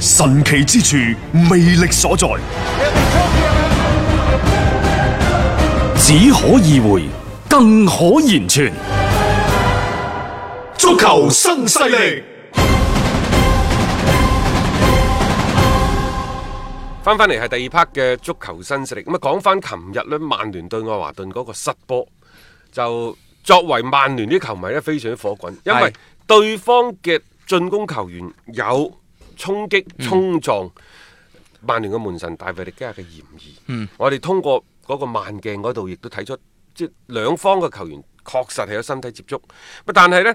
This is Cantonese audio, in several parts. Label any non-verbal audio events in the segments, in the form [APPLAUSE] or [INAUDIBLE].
神奇之處，魅力所在，只可意會，更可言傳。足球新勢力，力，翻翻嚟係第二 part 嘅足球新勢力。咁啊，講翻琴日咧，曼聯對愛華頓嗰個失波，就作為曼聯啲球迷咧，非常之火滾，是因為對方嘅進攻球員有。衝擊衝撞、嗯、曼聯嘅門神大衛迪基亞嘅嫌疑，嗯、我哋通過嗰個慢鏡嗰度，亦都睇出即係兩方嘅球員確實係有身體接觸，但係呢，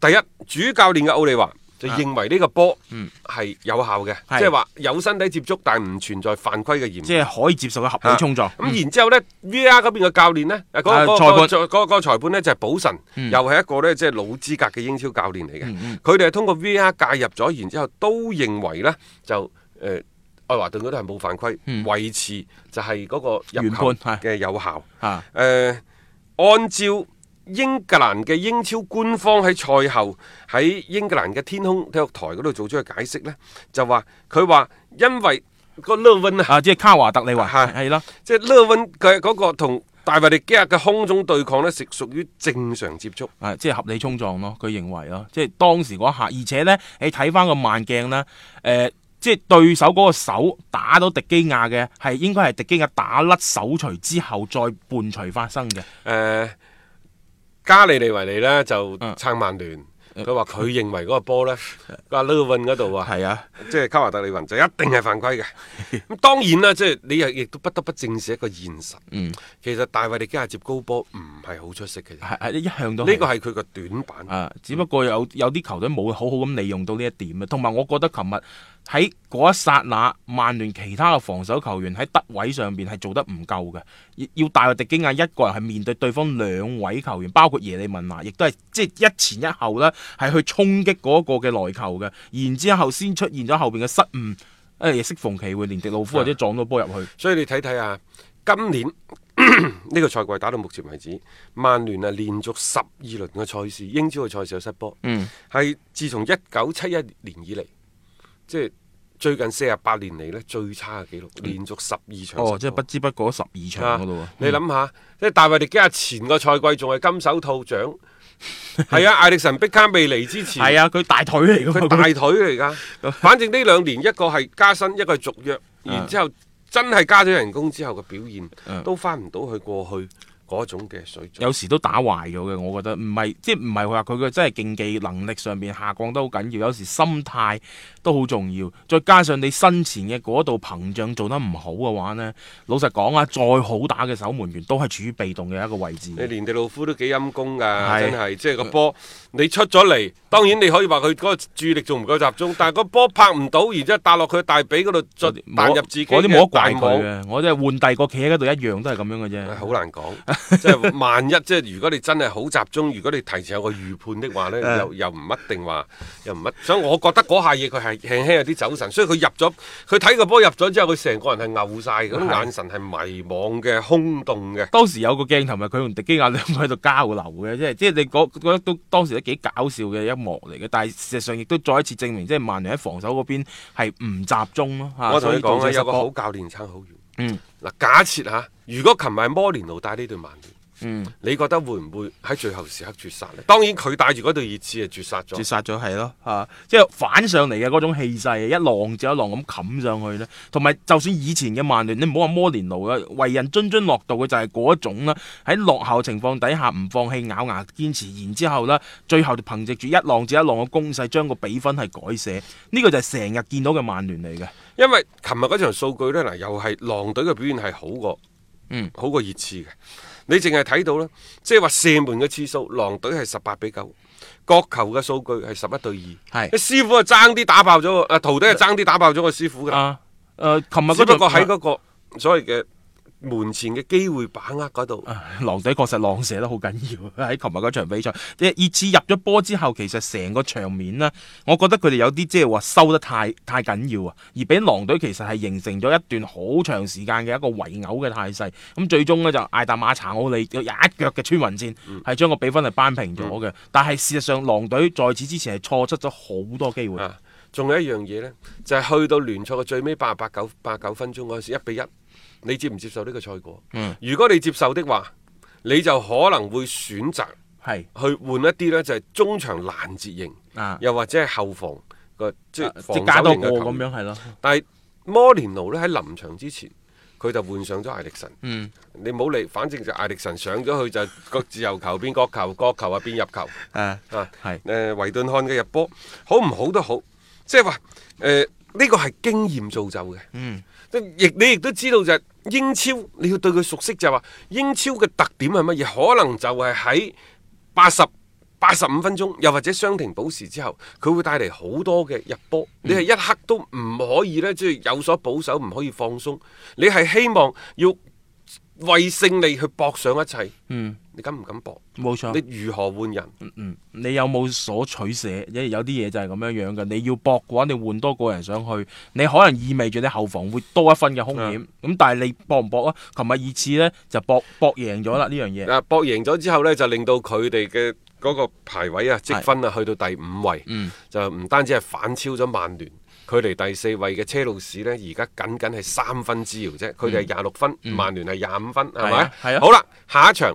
第一主教練嘅奧利華。就認為呢個波係有效嘅，即係話有身體接觸，但係唔存在犯規嘅嫌疑，即係可以接受嘅合理衝撞。咁然之後呢，VR 嗰邊嘅教練呢，嗰個裁判，嗰個裁判咧就係保臣，又係一個呢，即係老資格嘅英超教練嚟嘅。佢哋係通過 VR 介入咗，然之後都認為呢，就誒愛華頓嗰啲係冇犯規，維持就係嗰個原判嘅有效。誒，按照。英格蘭嘅英超官方喺賽後喺英格蘭嘅天空體育台嗰度做出嘅解釋呢，就話佢話，因為個 Levin、啊啊、即係卡華特利，利話係，係即係 Levin 佢嗰個同大衛迪基亞嘅空中對抗呢，是屬於正常接觸，係、啊、即係合理衝撞咯。佢認為咯，即係當時嗰一下，而且呢，你睇翻個慢鏡咧，誒、呃，即係對手嗰個手打到迪基亞嘅，係應該係迪基亞打甩手錘之後再伴隨發生嘅，誒、呃。嗯加利尼維利咧就撐曼聯，佢話佢認為嗰個波咧，阿 Lewin 嗰度啊，係啊，即係卡華特利雲就一定係犯規嘅。咁 [LAUGHS] 當然啦，即係你亦亦都不得不正視一個現實。嗯，其實大衞利今日接高波唔係好出色嘅，一向都呢個係佢個短板啊。只不過有、嗯、有啲球隊冇好好咁利用到呢一點啊，同埋我覺得琴日。喺嗰一剎那，曼聯其他嘅防守球員喺德位上邊係做得唔夠嘅，要大衛迪基亞一個人係面對對方兩位球員，包括耶利文娜，亦都係即係一前一後呢，係去衝擊嗰個嘅來球嘅，然之後先出現咗後邊嘅失誤，誒、哎，亦適逢其會喎，連迪盧夫或者撞到波入去、啊。所以你睇睇啊，今年呢、這個賽季打到目前為止，曼聯啊連續十二輪嘅賽事，英超嘅賽事有失波，嗯，係自從一九七一年以嚟。即係最近四十八年嚟呢，最差嘅記錄，連續十二場。哦，即係不知不覺十二場、啊嗯、你諗下，即係大衛迪基亞前個賽季仲係金手套獎，係、嗯、啊，艾力 [LAUGHS] 神碧卡未嚟之前，係啊，佢大腿嚟，佢大腿嚟噶。 [LAUGHS] 反正呢兩年一個係加薪，一個係續約，然之後真係加咗人工之後嘅表現，嗯、都翻唔到去過去。嗰種嘅水準，有時都打壞咗嘅。我覺得唔係，即係唔係佢話佢嘅真係競技能力上面下降得好緊要。有時心態都好重要，再加上你身前嘅嗰度膨脹做得唔好嘅話呢，老實講啊，再好打嘅守門員都係處於被動嘅一個位置。你連迪路夫都幾陰功㗎，是真係即係個波、呃、你出咗嚟，當然你可以話佢嗰個注意力仲唔夠集中，但係個波拍唔到，然之後打落佢大髀嗰度，摸摸入自己嘅摸。我啲冇得怪佢嘅，我真係換第二個企喺嗰度一樣都係咁樣嘅啫。好難講。即係 [LAUGHS] 萬一，即係如果你真係好集中，如果你提前有個預判的話咧， [LAUGHS] 又又唔一定話，又唔一定。所以我覺得嗰下嘢佢係輕輕有啲走神，所以佢入咗，佢睇個波入咗之後，佢成個人係嬲晒，咁的眼神係迷惘嘅、空洞嘅。當時有個鏡頭係佢同迪基亞兩個喺度交流嘅，即係即係你覺得都當時都幾搞笑嘅一幕嚟嘅。但係事實上亦都再一次證明，即係曼聯喺防守嗰邊係唔集中咯。我同你講咧，啊、有個好教練差好遠。嗯，嗱，假設嚇，如果琴日摩連奴帶呢對曼嗯，你覺得會唔會喺最後時刻絕殺咧？當然帶，佢帶住嗰隊熱刺啊，絕殺咗，絕殺咗係咯，吓，即係反上嚟嘅嗰種氣勢，一浪接一浪咁冚上去咧。同埋，就算以前嘅曼聯，你唔好話摩連奴啦，為人津津樂道嘅就係嗰一種啦。喺落後情況底下唔放棄，咬牙堅持，然之後咧，最後就憑借住一浪接一浪嘅攻勢，將個比分係改寫。呢、這個就係成日見到嘅曼聯嚟嘅。因為琴日嗰場數據呢，嗱，又係狼隊嘅表現係好過，嗯、好過熱刺嘅。你淨係睇到啦，即係話射門嘅次數，狼隊係十八比九，角球嘅數據係十一對二係，係師傅啊，爭啲打爆咗，啊徒弟係爭啲打爆咗、啊啊嗰個師傅嘅，誒，琴日嗰個，只不過喺嗰、嗰個、啊、所謂嘅。門前嘅機會把握嗰度，啊，狼隊確實浪射得好緊要。喺琴日嗰場比賽，即係熱刺入咗波之後，其實成個場面呢，我覺得佢哋有啲即係話收得太太緊要啊。而俾狼隊其實係形成咗一段好長時間嘅一個圍毆嘅態勢。咁最終呢，就艾達馬查奧利有一腳嘅穿雲箭，係將、嗯、個比分係扳平咗嘅。嗯、但係事實上，狼隊在此之前係錯失咗好多機會。仲、啊、有一樣嘢呢，就係、是、去到聯賽嘅最尾八九八九八九分鐘嗰陣時，一比一。你接唔接受呢個賽果？嗯，如果你接受的話，你就可能會選擇係去換一啲呢就係、是、中場攔截型，啊、又或者係後防個即係防守型嘅球員咁、啊、樣係咯。但係摩連奴呢，喺臨場之前，佢就換上咗艾力臣。嗯，你唔好理，反正就艾力臣上咗去就個自由球變角 [LAUGHS] 球，角球啊變入球。誒啊，係誒、啊，維頓漢嘅入波，好唔好都好，即係話誒呢個係經驗造就嘅。嗯。亦你亦都知道就係英超，你要對佢熟悉就係話，英超嘅特點係乜嘢？可能就係喺八十八十五分鐘，又或者傷停補時之後，佢會帶嚟好多嘅入波。嗯、你係一刻都唔可以呢，即係有所保守，唔可以放鬆。你係希望要為勝利去搏上一切。嗯。你敢唔敢搏？冇錯。你如何換人？嗯，嗯。你有冇所取捨？因為有啲嘢就係咁樣樣嘅。你要搏嘅話，你換多個人上去，你可能意味住你後防會多一分嘅風險。咁但係你搏唔搏啊？琴日二次呢就搏搏贏咗啦呢樣嘢。嗱，搏贏咗之後呢，就令到佢哋嘅嗰個排位啊、積分啊，去到第五位。嗯。就唔單止係反超咗曼聯，距離第四位嘅車路士呢，而家僅僅係三分之遙啫。佢哋係廿六分，曼聯係廿五分，係咪啊？係啊。好啦，下一場。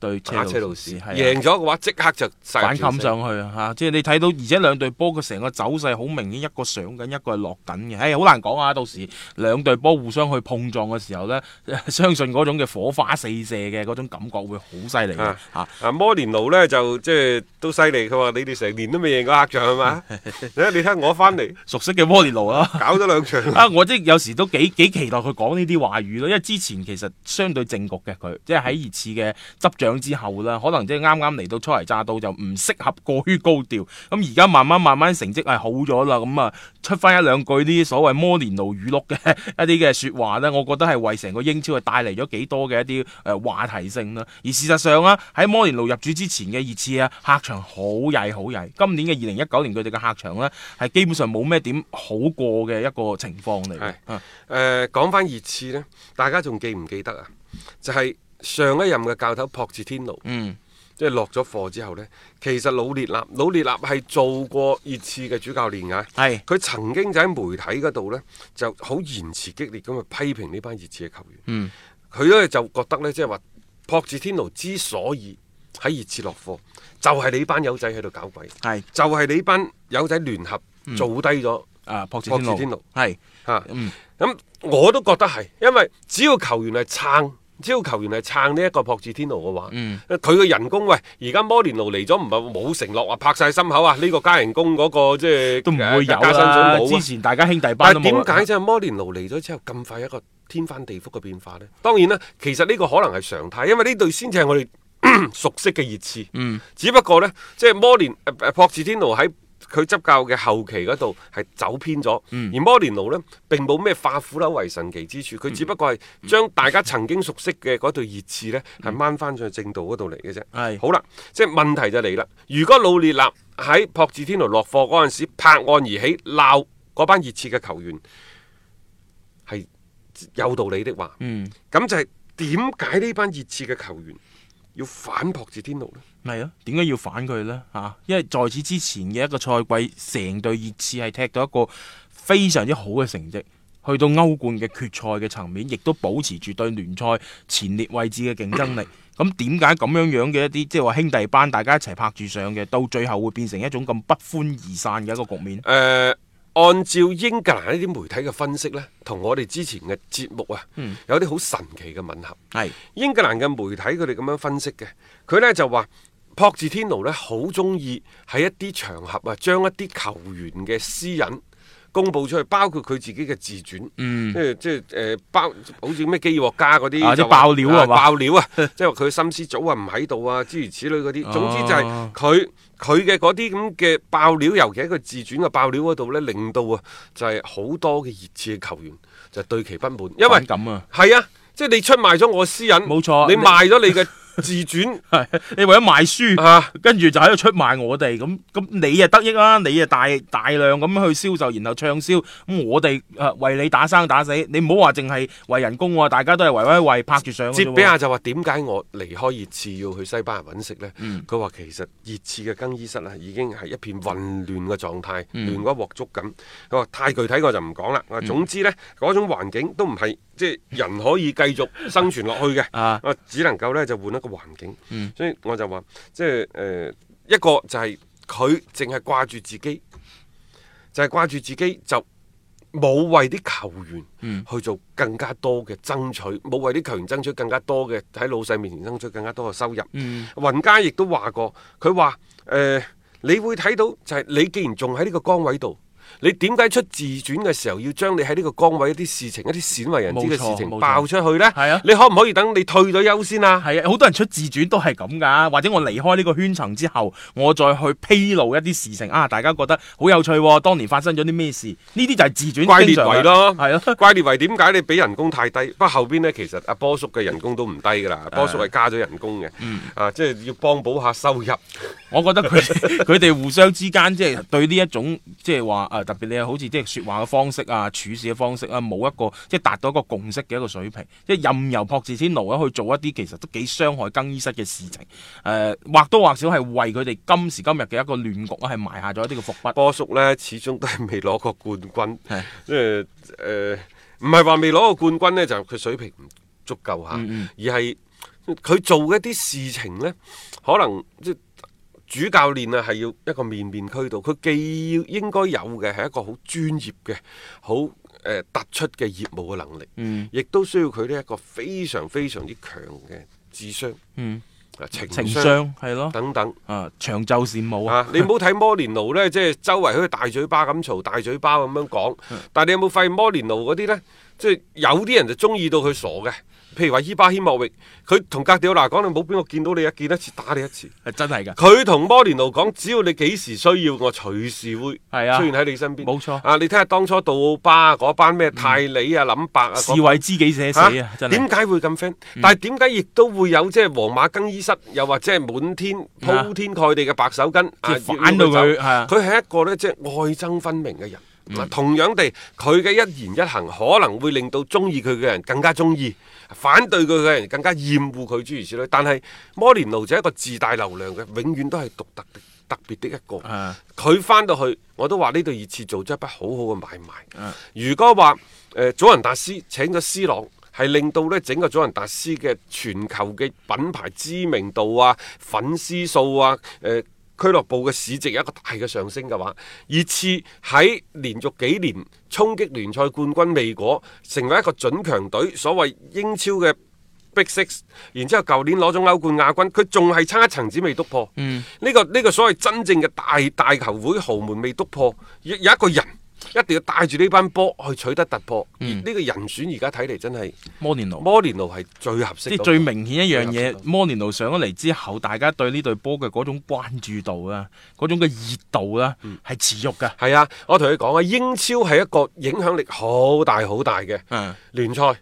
對車路士，贏咗嘅話即刻就反冚上去啊！吓，即係你睇到，而且兩隊波嘅成個走勢好明顯，一個上緊，一個係落緊嘅。哎，好、欸、難講啊！到時兩隊波互相去碰撞嘅時候咧、啊，相信嗰種嘅火花四射嘅嗰種感覺會好犀利啊，摩連奴咧就即係都犀利，佢話你哋成年都未贏過黑場係嘛？ [LAUGHS] 你睇我翻嚟 [LAUGHS] 熟悉嘅摩連奴啊， [LAUGHS] 搞咗兩兩場啊！ [LAUGHS] [LAUGHS] 我即係有時都幾幾期待佢講呢啲話語咯，因為之前其實相對正局嘅佢，即係喺熱刺嘅執掌。之後啦，可能即係啱啱嚟到初嚟乍到就唔適合過於高調，咁而家慢慢慢慢成績係好咗啦，咁啊出翻一兩句呢啲所謂摩連奴語錄嘅一啲嘅說話呢，我覺得係為成個英超係帶嚟咗幾多嘅一啲誒話題性啦。而事實上啊，喺摩連奴入主之前嘅熱刺啊，客場好曳好曳，今年嘅二零一九年佢哋嘅客場呢係基本上冇咩點好過嘅一個情況嚟。係誒，講翻熱刺呢，大家仲記唔記得啊？就係、是。上一任嘅教頭朴至天奴，嗯，即係落咗課之後呢，其實老列納老列納係做過熱刺嘅主教練啊，係，佢曾經就喺媒體嗰度呢，就好言辭激烈咁去批評呢班熱刺嘅球員，佢咧就覺得呢，即係話朴至天奴之所以喺熱刺落課，就係你班友仔喺度搞鬼，就係你班友仔聯合做低咗啊朴至天奴，係，吓，咁我都覺得係，因為只要球員係撐。只要球員係撐呢一個博智天奴嘅話，佢嘅、嗯呃、人工喂而家摩連奴嚟咗唔係冇承諾啊，拍晒心口啊！呢、這個加人工嗰、那個即係、呃、都唔會有啦。加薪都冇啊、之前大家兄弟班，但係點解即係摩連奴嚟咗之後咁快一個天翻地覆嘅變化呢？當然啦，其實呢個可能係常態，因為呢隊先至係我哋 [COUGHS] 熟悉嘅熱刺。嗯、只不過呢，即係摩連誒誒、呃呃、博智天奴喺。佢執教嘅後期嗰度係走偏咗，嗯、而摩連奴呢，並冇咩化腐朽為神奇之處，佢只不過係將大家曾經熟悉嘅嗰對熱刺呢，係掹翻上去正道嗰度嚟嘅啫。是好啦，即係問題就嚟啦。如果老列納喺朴智天奴落課嗰陣時拍案而起鬧嗰班熱刺嘅球員係有道理的話，咁、嗯、就係點解呢班熱刺嘅球員？要反撲住天奴呢，呢係啊，點解要反佢呢？嚇、啊，因為在此之前嘅一個賽季，成隊熱刺係踢到一個非常之好嘅成績，去到歐冠嘅決賽嘅層面，亦都保持住對聯賽前列位置嘅競爭力。咁點解咁樣樣嘅一啲即係話兄弟班，大家一齊拍住上嘅，到最後會變成一種咁不歡而散嘅一個局面？誒、呃。按照英格蘭呢啲媒體嘅分析呢，同我哋之前嘅節目啊，嗯、有啲好神奇嘅吻合。是英格蘭嘅媒體佢哋咁樣分析嘅，佢呢就話普捷天奴呢，好中意喺一啲場合啊，將一啲球員嘅私隱公布出去，包括佢自己嘅自傳，嗯、即係即係誒，包好似咩基沃加嗰啲啊啲、就是、爆料啊，爆料 [LAUGHS] 啊，即係佢心思早啊唔喺度啊，諸如此類嗰啲。總之就係佢佢嘅嗰啲咁嘅爆料，尤其係佢自傳嘅爆料嗰度咧，令到啊就係好多嘅熱刺嘅球員就對其不滿，因為咁啊，係啊，即係你出賣咗我私隱，冇錯錯，你賣咗你嘅。 [LAUGHS] 自傳係， [LAUGHS] 你為咗賣書吓，啊、跟住就喺度出賣我哋，咁咁你啊得益啦、啊，你啊大大量咁去銷售，然後暢銷，咁我哋誒、啊、為你打生打死，你唔好話淨係為人工、啊，大家都係為威為拍住上。哲比亞就話點解我離開熱刺要去西班牙搵食呢？佢話、嗯、其實熱刺嘅更衣室啊，已經係一片混亂嘅狀態，亂一鑊粥咁。佢話、嗯、太具體我就唔講啦。我總之呢，嗰種環境都唔係。即係人可以繼續生存落去嘅，啊，只能夠呢就換一個環境。嗯、所以我就話，即係誒、呃、一個就係佢淨係掛住自己，就係、是、掛住自己就冇為啲球員去做更加多嘅爭取，冇、嗯、為啲球員爭取更加多嘅喺老細面前爭取更加多嘅收入。雲、嗯、家亦都話過，佢話誒，你會睇到就係你既然仲喺呢個崗位度。你點解出自傳嘅時候要將你喺呢個崗位一啲事情一啲鮮為人知嘅事情爆出去呢？係啊，你可唔可以等你退咗休先啊？係啊，好多人出自傳都係咁噶，或者我離開呢個圈層之後，我再去披露一啲事情啊，大家覺得好有趣喎、哦。當年發生咗啲咩事？呢啲就係自傳。怪列維咯，係咯、啊，怪列維點解你俾人工太低？不過後邊呢，其實阿波叔嘅人工都唔低噶啦，波叔係加咗人工嘅，嗯、啊，即係要幫補下收入。 [LAUGHS] 我覺得佢佢哋互相之間即係、就是、對呢一種即係話。就是說說啊特別你好似即係說話嘅方式啊，處事嘅方式啊，冇一個即係達到一個共識嘅一個水平，即係任由普捷天奴啊去做一啲其實都幾傷害更衣室嘅事情，誒、呃，或多或少係為佢哋今時今日嘅一個亂局啊，係埋下咗一啲嘅伏筆。波叔呢，始終都係未攞過冠軍，即係誒，唔係話未攞過冠軍呢，就佢、是、水平唔足夠吓，嗯嗯，而係佢做一啲事情呢，可能即主教練啊，係要一個面面俱到。佢既要應該有嘅係一個好專業嘅、好誒、呃、突出嘅業務嘅能力，嗯，亦都需要佢呢一個非常非常之強嘅智商，嗯，啊情商係咯，等等啊長袖善舞啊！你唔好睇摩連奴呢，即係 [LAUGHS] 周圍好似大嘴巴咁嘈、大嘴巴咁樣講，嗯、但係你有冇發現摩連奴嗰啲呢？即、就、係、是、有啲人就中意到佢傻嘅。譬如話伊巴謙莫域，佢同格迪奧拿講你冇邊個見到你呀，見一次打你一次，係真係㗎。佢同摩連奴講，只要你幾時需要，我隨時會係啊，出現喺你身邊。冇錯啊，你睇下當初杜巴嗰班咩泰里啊、林伯啊，士為知己者死啊！真係點解會咁 friend？但係點解亦都會有即係皇馬更衣室，又或者係滿天鋪天蓋地嘅白手巾，反到佢，佢係一個咧即係愛憎分明嘅人。唔、嗯、同樣地，佢嘅一言一行可能會令到中意佢嘅人更加中意，反對佢嘅人更加厭惡佢諸如此類。但係摩連奴就係一個自帶流量嘅，永遠都係獨特的特別的一個。佢返、嗯、到去，我都話呢度熱刺做咗一筆好好嘅買賣。嗯、如果話誒、呃、祖雲達斯請咗 C 朗，係令到呢整個祖雲達斯嘅全球嘅品牌知名度啊、粉絲數啊、誒、呃。俱樂部嘅市值有一個大嘅上升嘅話，熱刺喺連續幾年衝擊聯賽冠軍未果，成為一個準強隊，所謂英超嘅 Big Six，然之後舊年攞咗歐冠亞軍，佢仲係差一層子未突破。呢、嗯這個呢、這個所謂真正嘅大大球會豪門未突破，有有一個人。一定要帶住呢班波去取得突破，呢、嗯、個人選而家睇嚟真係摩連奴，摩連奴係最合適。即係最明顯一樣嘢，摩連奴上咗嚟之後，大家對呢隊波嘅嗰種關注度啦，嗰種嘅熱度啦，係持續噶。係啊，我同你講啊，英超係一個影響力好大好大嘅聯賽，佢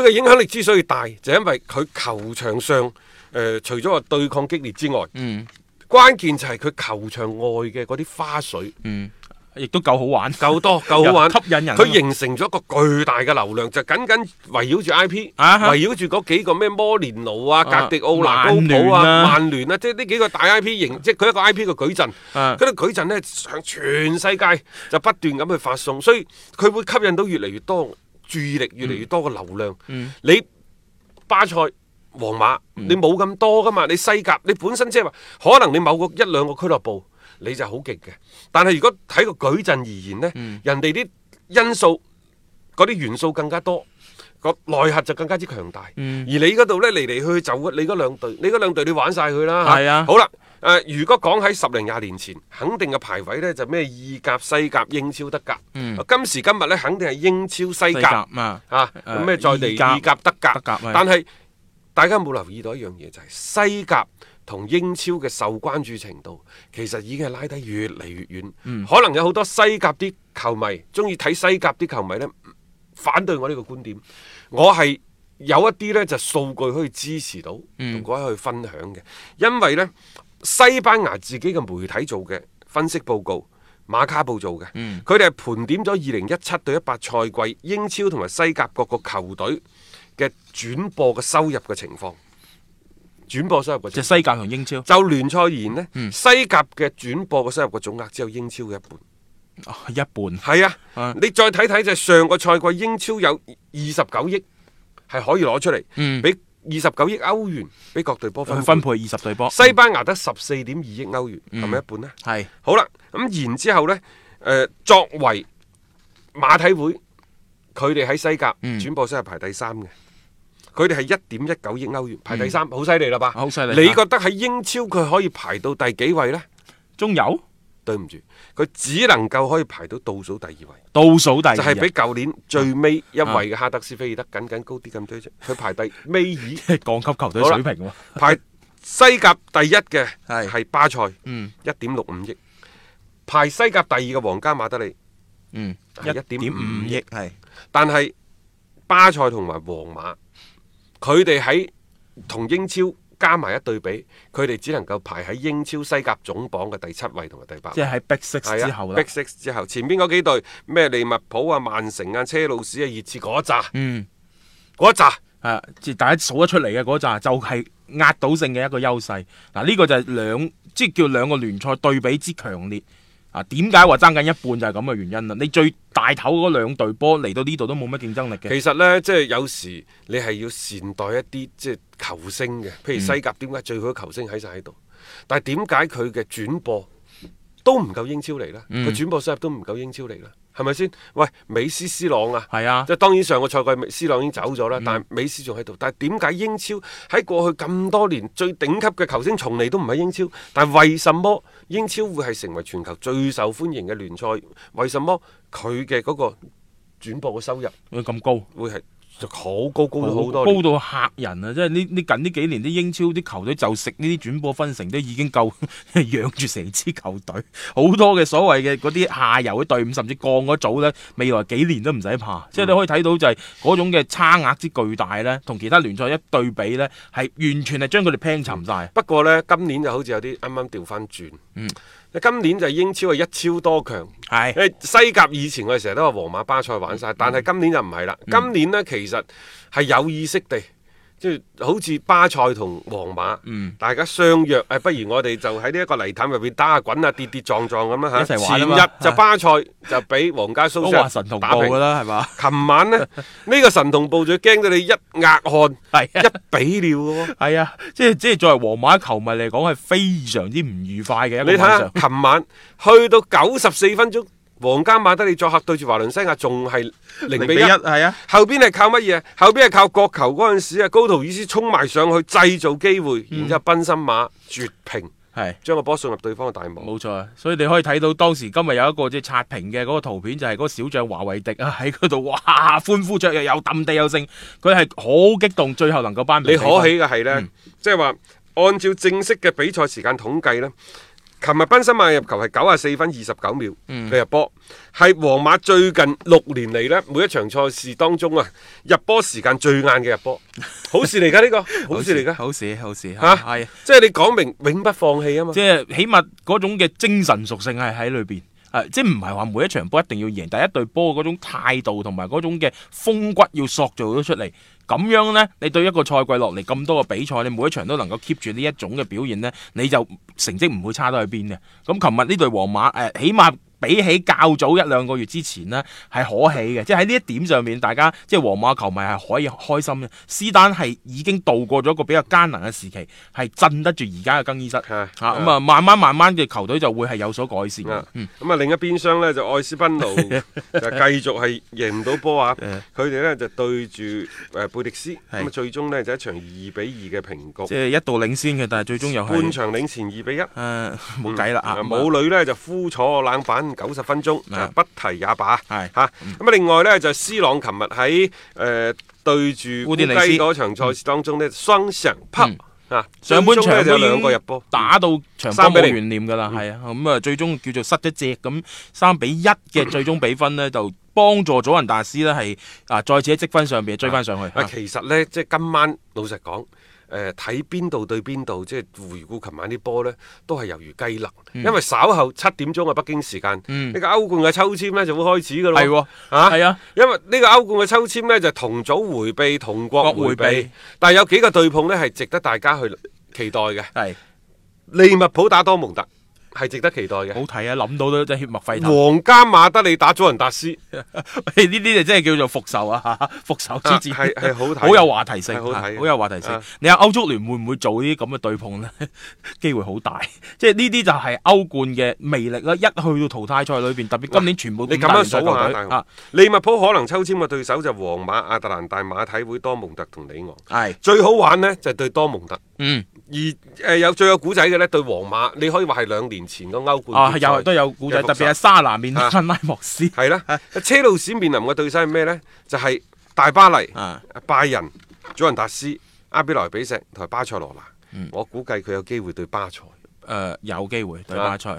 嘅、嗯、影響力之所以大，就是、因為佢球場上誒、呃、除咗話對抗激烈之外，嗯、關鍵就係佢球場外嘅嗰啲花絮。嗯亦都夠好玩，夠多，夠好玩， [LAUGHS] 吸引人。佢形成咗一個巨大嘅流量，就僅僅圍繞住 I P，圍繞住嗰幾個咩摩連奴啊、格迪奧拿、啊啊、高普啊、曼聯啊，即係呢幾個大 I P 形，即係佢一個 I P 嘅矩陣。佢個矩陣呢，向全世界就不斷咁去發送，所以佢會吸引到越嚟越多注意力，越嚟越多嘅流量。嗯、你巴塞、皇馬，你冇咁多噶嘛？嗯、你西甲，你本身即係話，可能你某個一兩個俱樂部你就好勁嘅，但係如果睇個矩陣而言呢、嗯、人哋啲因素嗰啲元素更加多，個內核就更加之強大。嗯、而你嗰度呢，嚟嚟去去就你嗰兩隊，你嗰兩隊你玩晒佢啦。係、嗯、啊，是啊好啦，誒、呃，如果講喺十零廿年前，肯定嘅排位呢就咩、是、意甲、西甲、英超、德甲。嗯、今時今日呢，肯定係英超、西甲、西甲啊，咩、啊呃、再嚟意甲、甲、德甲。但係、嗯嗯、大家冇留意到一樣嘢，就係、是、西甲。同英超嘅受關注程度，其實已經係拉得越嚟越遠。嗯、可能有好多西甲啲球迷中意睇西甲啲球迷咧，反對我呢個觀點。我係有一啲呢就數據可以支持到，同各位去分享嘅。嗯、因為呢西班牙自己嘅媒體做嘅分析報告，馬卡報做嘅，佢哋係盤點咗二零一七到一八賽季英超同埋西甲各個球隊嘅轉播嘅收入嘅情況。轉播收入嘅，即係西甲同英超。就聯賽而言呢，西甲嘅轉播嘅收入嘅總額只有英超嘅一半，一半。係啊，你再睇睇就係上個賽季英超有二十九億係可以攞出嚟，俾二十九億歐元俾各隊播放去分配二十隊波。西班牙得十四點二億歐元，係咪一半呢？係。好啦，咁然之後咧，誒，作為馬體會，佢哋喺西甲轉播收入排第三嘅。佢哋係一點一九億歐元排第三，好犀利啦吧？好犀利！你覺得喺英超佢可以排到第幾位呢？中游？對唔住，佢只能夠可以排到倒數第二位。倒數第二就係比舊年最尾一位嘅哈德斯菲爾德僅僅高啲咁多啫。佢排第尾二，降級球隊水平。排西甲第一嘅係巴塞，嗯，一點六五億。排西甲第二嘅皇家馬德里，嗯，一點五億係。但係巴塞同埋皇馬。佢哋喺同英超加埋一對比，佢哋只能夠排喺英超西甲總榜嘅第七位同埋第八位。即係喺 Big Six 之後啦。Big Six、啊、之後，前邊嗰幾隊咩利物浦啊、曼城啊、車路士啊，熱刺嗰一紮。嗯，嗰一紮啊，即大家數得出嚟嘅嗰一紮，就係、是、壓倒性嘅一個優勢。嗱、啊，呢、這個就係兩即係叫兩個聯賽對比之強烈。啊，點解話爭緊一半就係咁嘅原因啦。你最大頭嗰兩隊波嚟到呢度都冇乜競爭力嘅。其實呢，即係有時你係要善待一啲即係球星嘅，譬如西甲點解最好嘅球星喺晒喺度？但係點解佢嘅轉播，都唔夠英超嚟啦，佢嗯、轉播收入都唔夠英超嚟啦，係咪先？喂，美斯、斯朗啊，即係、啊、當然上個賽季斯朗已經走咗啦，嗯，但係美斯仲喺度。但係點解英超喺過去咁多年最頂級嘅球星從嚟都唔係英超？但係為什麼英超會係成為全球最受歡迎嘅聯賽？為什麼佢嘅嗰個轉播嘅收入會咁高？會係？就好高高,高高到好多，高到吓人啊！即係呢呢近呢幾年啲英超啲球隊就食呢啲轉播分成都已經夠養住成支球隊，好多嘅所謂嘅嗰啲下游嘅隊伍甚至降嗰組呢，未來幾年都唔使怕。即係、嗯、你可以睇到就係、是、嗰種嘅差額之巨大呢，同其他聯賽一對比呢，係完全係將佢哋拼沉晒、嗯。不過呢，今年就好似有啲啱啱調翻轉，嗯。今年就英超係一超多強，是西甲以前我哋成日都話皇馬巴塞玩晒，嗯、但係今年就唔係啦。嗯、今年呢，其實係有意識地。即係好似巴塞同皇馬，嗯、大家相約誒，不如我哋就喺呢一個泥潭入邊打下滾啊，跌跌撞撞咁啊吓。前日就巴塞、啊、就俾皇家蘇神同布噶啦，係嘛？琴晚呢，呢、這個神同布最驚到你一額汗係、啊、一比尿噶喎，係啊，啊，即係即係作為皇馬球迷嚟講係非常之唔愉快嘅。你睇看下，琴晚，晚去到九十四分鐘。皇家馬德里作客對住華倫西亞，仲係零比一，係啊！後邊係靠乜嘢啊？後邊係靠國球嗰陣時啊，高圖爾斯衝埋上去製造機會，嗯、然之後賓森馬絕平，係將個波送入對方嘅大網。冇錯啊！所以你可以睇到當時今日有一個即係刷屏嘅嗰個圖片，就係、是、嗰小將華維迪啊喺嗰度，哇！歡呼雀躍，又掟地又聲，佢係好激動，最後能夠扳平。你可喜嘅係呢，嗯、即係話按照正式嘅比賽時間統計呢。琴日，賓心馬入球係九啊四分二十九秒佢入波，係、嗯、皇馬最近六年嚟呢，每一場賽事當中啊，入波時間最晏嘅入波，好事嚟噶呢個，好事嚟噶， [LAUGHS] 好事好事吓，係、啊啊、即係你講明永不放棄啊嘛，即係起碼嗰種嘅精神屬性係喺裏邊啊，即係唔係話每一場波一定要贏，但一隊波嗰種態度同埋嗰種嘅風骨要塑造咗出嚟。咁樣呢，你對一個賽季落嚟，咁多嘅比賽，你每一場都能夠 keep 住呢一種嘅表現呢，你就成績唔會差到去邊嘅。咁琴日呢隊皇馬誒、呃，起碼比起較早一兩個月之前呢，係可喜嘅，即係喺呢一點上面，大家即係皇馬球迷係可以開心嘅。斯丹係已經度過咗一個比較艱難嘅時期，係鎮得住而家嘅更衣室吓，咁啊慢慢慢慢嘅球隊就會係有所改善嘅。咁啊另一邊廂呢，就愛斯賓奴 [LAUGHS] 就繼續係贏唔到波啊，佢哋 [LAUGHS] 呢，就對住誒貝迪斯咁啊，最終呢，就一場二比二嘅平局。即係一度領先嘅，但係最終又半場領前二比一。誒，冇計啦啊！母女呢就枯坐冷板九十分鐘，不提也罷。係吓，咁啊，另外呢，就斯朗，琴日喺誒對住烏迪尼斯嗰場賽事當中呢，雙城扑啊，上半場呢有兩個入波，打到三比零懸念噶啦，係啊，咁啊，最終叫做失一隻咁三比一嘅最終比分呢，就。幫助咗人大師呢係啊再次喺積分上邊追翻上去、啊。其實呢，即係今晚老實講，睇邊度對邊度，即係回顧琴晚啲波呢，都係猶如雞肋，嗯、因為稍後七點鐘嘅北京時間，嗯、個歐呢個歐冠嘅抽簽呢就會開始噶咯。係的，吓係啊，的因為個歐呢個歐冠嘅抽簽呢就同組回避同國回避，迴避，但係有幾個對碰呢，係值得大家去期待嘅。係利物浦打多蒙特。的的係值得期待嘅，好睇啊！諗到都真係血脈沸騰。皇家馬德里打祖雲達斯，呢啲就真係叫做復仇啊！復仇之戰係係、啊、好睇，好有話題性，好睇，好有話題性。啊、你話歐足聯會唔會做呢啲咁嘅對碰呢？機 [LAUGHS] 會好很大，即係呢啲就係歐冠嘅魅力啦、啊。一去到淘汰賽裏邊，特別今年全部年你咁樣數啊，利物浦可能抽籤嘅對手就皇馬、亞特蘭大、馬體會、多蒙特同李昂。係是最好玩呢就係、對多蒙特，嗯，而誒有、呃、最有古仔嘅咧對皇馬，你可以話係兩年。前個歐冠啊，又係都有古仔，特別係沙拿面對拉莫斯，係啦、啊。啊啊、車路士面臨嘅對手係咩咧？就係、是、大巴黎、啊、拜仁、祖雲達斯、阿比萊比錫同埋巴塞羅那。嗯、我估計佢有機會對巴塞，誒、呃、有機會對巴塞。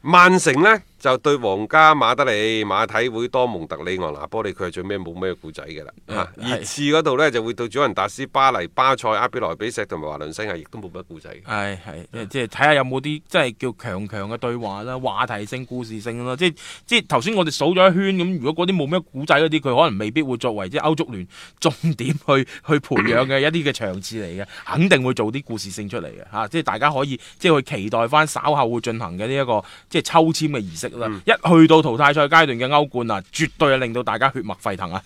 曼城、啊、呢。就對皇家馬德里、馬體會、多蒙特、里昂、拿玻利，佢係最尾冇咩故仔嘅啦。熱刺嗰度呢，就會對祖雲達斯、巴黎、巴塞、阿比萊比錫同埋華倫西亞，亦都冇乜故仔。係係，即係睇下有冇啲即係叫強強嘅對話啦，話題性、故事性咯。即係即係頭先我哋數咗一圈，咁如果嗰啲冇咩故仔嗰啲，佢可能未必會作為即係、就是、歐足聯重點去去培養嘅一啲嘅場次嚟嘅，肯定會做啲故事性出嚟嘅嚇。即、啊、係、就是、大家可以即係、就是、去期待翻稍後會進行嘅呢一個即係抽籤嘅儀式。嗯，一去到淘汰賽階段嘅歐冠啊，絕對係令到大家血脈沸騰啊！